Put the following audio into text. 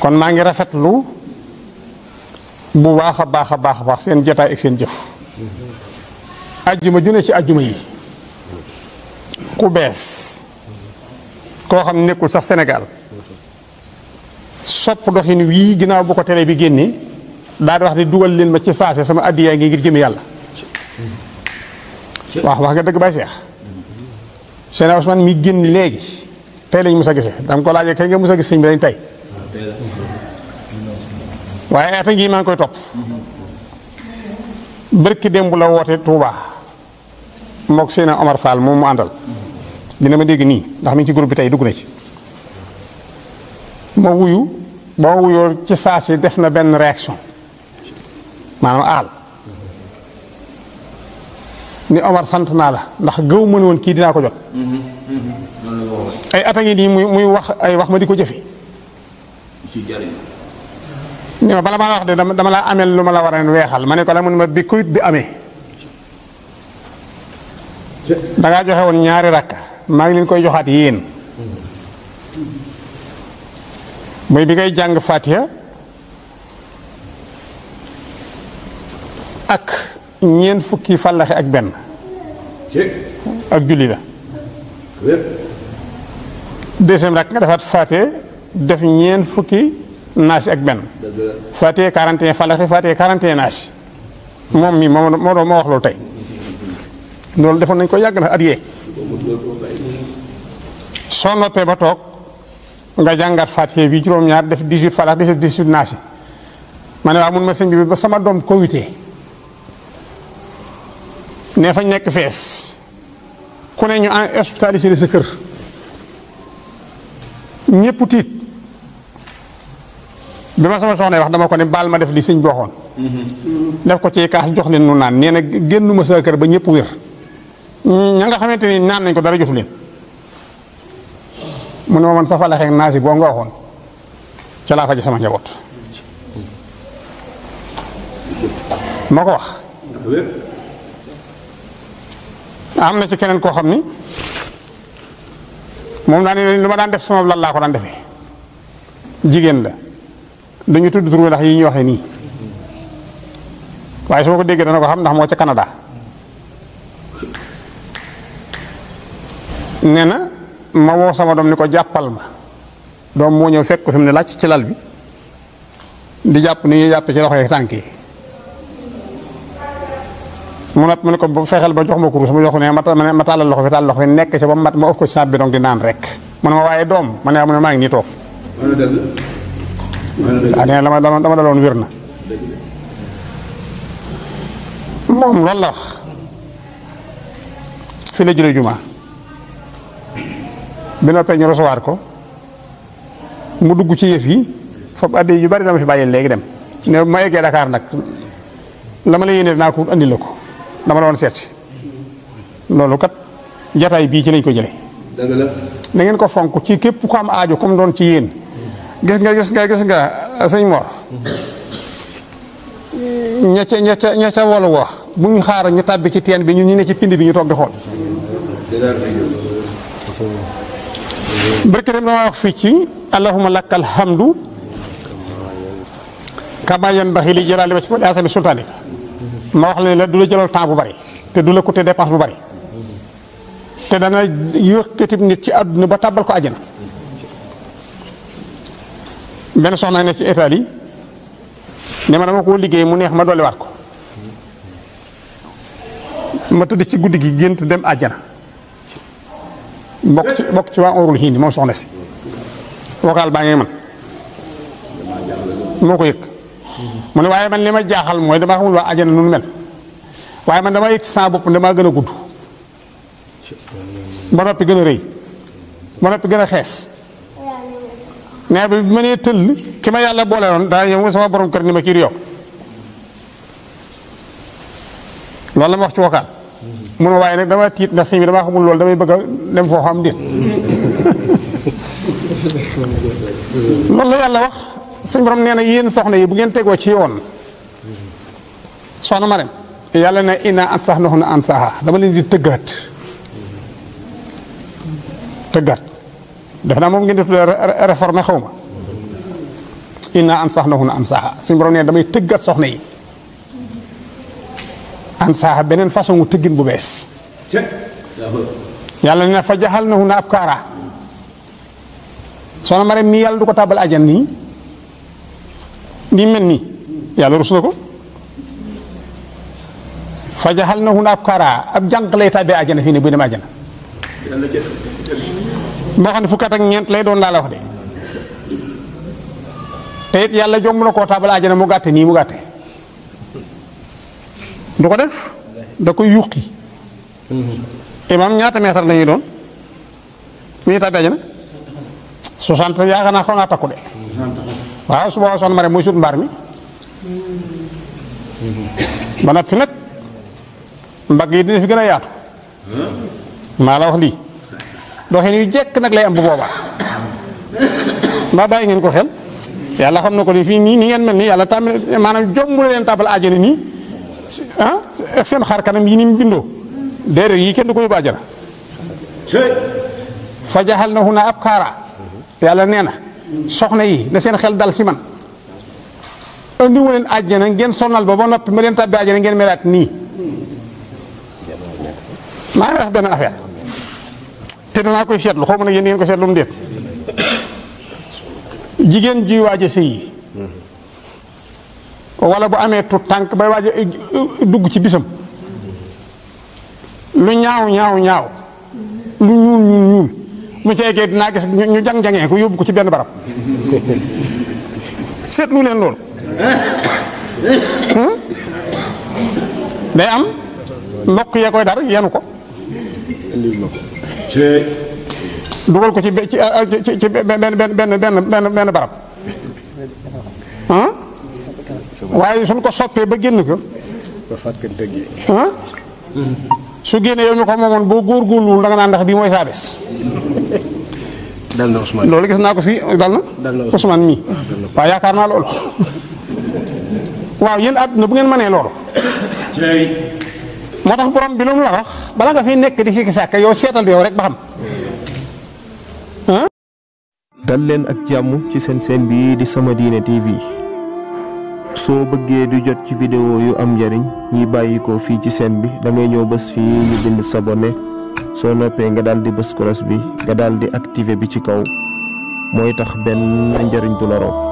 kon ma ngi rafetlu bu baax a baax a baax sen baax ak sen jëf aljuma ju ne ci aljuma yi ku bes ko xam nekul sax senegal sop wi ginaaw bu ko tele bi da di wax ni dugal len ma ci sase sama adiya ngi ngir jëm yalla wax wax nga deug Baye Cheikh Seydina Ousmane mi génn legi tay lañu musa gisse gise ko laaje kay nga musa gisse lañ tay waaye ata ngi maa ngi koy topp bërki démb la woote Touba mok seen Omar Fall moom mu àndal dina ma dégg ni ndax mi ci groupe tay tey na ci ma wuyu ba wuyoo ci sasi def na ben reaction manam al ni Omar sant na la ndax gëw mën won ki dina ko jot ay atangi ngi muy wax ay wax ma di ko jëfe ni ma bala maa wax de dama dama laa amel lu ma la war a weexal ma ne ko la mun ma bi kuyit bi amee dangaa joxe woon ñaari rakk maa ngi leen koy joxaat yéen mooy bi ngay jàng Fatiha ak ñeent fukki fàllaxe ak benn ak julli la deuxième rakk nga defaat Fatiha def ñeent fukki naasi ak benn. faatee 41 falaxe faatee 41 naasi moom mii moo moo moo wax loolu tey loolu defoon nañ ko yàgg na at yee soo noppee ba toog nga jàngat faatee bi juróom-ñaar def 18 falax def 18 naasi ma ne waa mun ma sëñ bi ba sama doom kowitee ne fañ nekk fees ku ne ñu hospitalisé sa kër ñépp tiit. bima sama soxna wax dama ko ni bal ma def li sëñ hmm def ko ci kaas jox len nu nan neena gennuma sa keur ba ñepp wér ña nga xamanteni nan nañ ko dara jotu len mu no man safa falaxeeg naa si boo nga waxone ci la faaji sama njabot mako wax amna ci kenen ko xamni ni dañ ni luma lu def sama la ko daan defee jigen la dañu tudd tur welax yi ñu waxe ni waaye su ma ko déggee dana ko xam ndax mo ci Canada nee ma wo sama dom ni ko jappal ma dom mo ñew fekk ko fi ne làcc ci lal bi di japp ni ñu japp ci loxo tanki mu nat mu ne ko bu fexel ba jox ma kurus ma jox ne mata ma ma tàllal loxo fi tàllal loxo fi nekk ca ba mat ma ëf ko sabbi dong di nan rek mu ne ma waye dom mané ma ne ma ngi ni tok ah nee la ma la ma daloon wér na moom loolu la wax fi la jëlee juma bi noppee ñu recevoir ko mu dugg ci yëf yi foofu adde yu bari dama fi bàyyi léegi dem ne ma eggee Dakar nag la ma la yéene naa ko andi la ko dama la woon seet loolu kat jataay bii ci lañ ko jëlee. dëgg ngeen ko fonk ci képp ko am aajo comme doon ci yéen. gis nga gis nga gis nga sëñ Mor ña ca ña ca ña ca wa bu ñu xaar ñu tàbbi ci teen bi ñu ñu ne ci pind bi ñu toog di xool barke dem wax fii ci allahuma lakk alhamdu kama yanbaxi li jalaali wajhika wa asami sultaanika ma wax la ne du la jëlal temps bu bari te du la coûter dépense bu bari te dana yëkkati nit ci àdduna ba tàbbal ko àjjana benn soxna ne ci Italie yi ne ma dama koo liggéey mu neex ma dolliwaat ko ma tëdd ci guddi gi gént dem àjjana bokk ci bokk ci waa orul hindi moom soxna si vocal baa ngi man moo ko yëg mu ne waaye man li ma jaaxal mooy dama xamul waa àjjana nu mel waaye man dama yëg ci sama bopp damaa gën a gudd ba noppi gën a rëy ba noppi gën a xees nee bi ma nee tëll ki ma yàlla boole woon daa yow nga sama borom kër ni ma kii di yokk loolu la ma wax ci wokaan waaye nag dama tiit ndax sëñ bi damaa xamul loolu damay bëgga a dem foo xam déet la yàlla wax suñ nee na yéen soxna yi bu ngeen tegoo ci yoon soxna ma dem yàlla ne ina an sax na an dama leen di tëggaat tëggaat def naa moom ngeen def réformé xawma inna ansahnahu ansaha na borom ne damay teggat soxna yi ansaha benen façon wu teggin bu bes. yalla ne fa jahalnahu na sona mare mi yalla du ko tàbbal ajan ni nii mel nii na ko fa jahalnahu na ab kaara ab jànq fi ne bu ne majana boo xam ne fukkat ak ñeent lay doon laa la wax de te yàlla jomb na koo taabal àjjana mu gàtte nii mu gàtte du ko def da koy yuqi imaam ñaata meetar lañuy doon mu ñu tàbbi àjjana soixante yaakaar naa xaw naa takku de waaw su boobaa soxna Marème mooy sut mbaar mi ba noppi nag mbagg yi dina fi gën a yaatu maa la wax lii doxin yu jekk nak lay am bu boba ma bay ngeen ko xel yalla xamna na ko ni fii ni ngeen melni yalla tam manam jom mu leen tàbbal àjjana nii ah seen xar kanam yi ni bindo bindoo yi kenn ko yóbbu fa jahalna huna abkara yalla neena soxna yi na seen xel dal ci man andi ma aljana ngeen sonal bo bo nop ma leen tabbi aljana ngeen melat ni ma rax dana benn affaire te danaa koy seetlu xaw ma nag yéen ngeen ko seetlu jigéen ji waaj a sëyi wala bu amee tu tànk ba waaj eh, dugg ci bisam lu ñaaw ñaaw ñaaw lu ñuul ñuul ñuul mu ci eggee dinaa gis ñu jang-jangee ko yóbbu ko ci benn barab seetlu leen lool hmm? day am mbokk yee koy dar yenu ko indil mako ci dugal ko ci ci eh, ci ben ben ben ben ben ben barab han waye sun ko soppé ba genn ko ba fat ko deggé han su génné yow ñuko momon bo gor gorlu da nga ndax bi moy sa bes dal na ousmane lolu gis nako fi dal na ousmane mi wa yaakar na waaw yeen aduna bu ngeen mané lolu motax borom bi lu la wax oh. bala nga fi nek di sikki sàkk yow seetal yow rek ba xam dal len ak jamm ci sen sen bi di sama dine tv So bëggee di jot ci vidéo yu am njariñ yi bayiko fi ci sen bi da ngay ñëw bëss fi ñu bind sabonné so noppé nga dal di bëss cross bi nga dal di activer bi ci kaw moy tax ben njariñ du la raw